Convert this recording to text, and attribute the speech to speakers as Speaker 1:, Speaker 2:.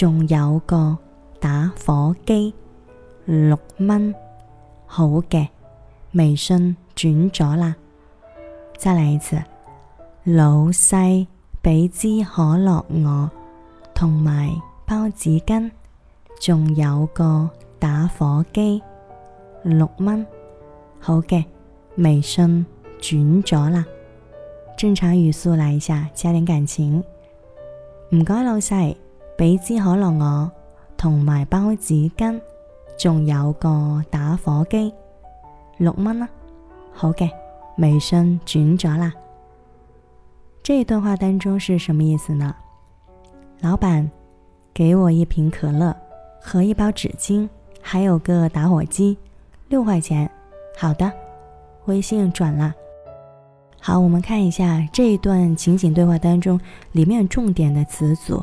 Speaker 1: 仲有個打火機。六蚊。好嘅，微信轉咗啦。再嚟一次，老細，俾支可樂我，同埋包紙巾，仲有個打火機。六蚊。好嘅，微信轉咗啦。正常語速嚟一下，加點感情。唔該老細。俾支可樂，我、哦、同埋包紙巾，仲有個打火機，六蚊啦。好嘅，微信轉咗啦。這一段話當中是什麼意思呢？老闆，給我一瓶可樂和一包紙巾，還有個打火機，六塊錢。好的，微信轉啦。好，我們看一下這一段情景對話當中裏面重點的詞組。